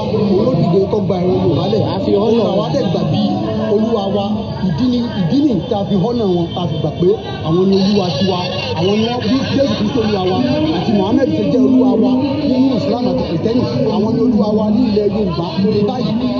ọ̀la olódìde tó gba ìran Yorùbá lẹ̀ òun àwa dẹ̀ gbà bí olúwa wa ìdí ni ìdí ni tá a fi họ́nà wọn tá a fi gbà pé àwọn ni olúwa tiwa àwọn ni bí Jésù Kristu olúwa wa àti Muhammed ṣe jẹ́ olúwa wa nínú Islam àti kìtẹ́nì àwọn ni olúwa wa ní ilẹ̀ Yorùbá báyìí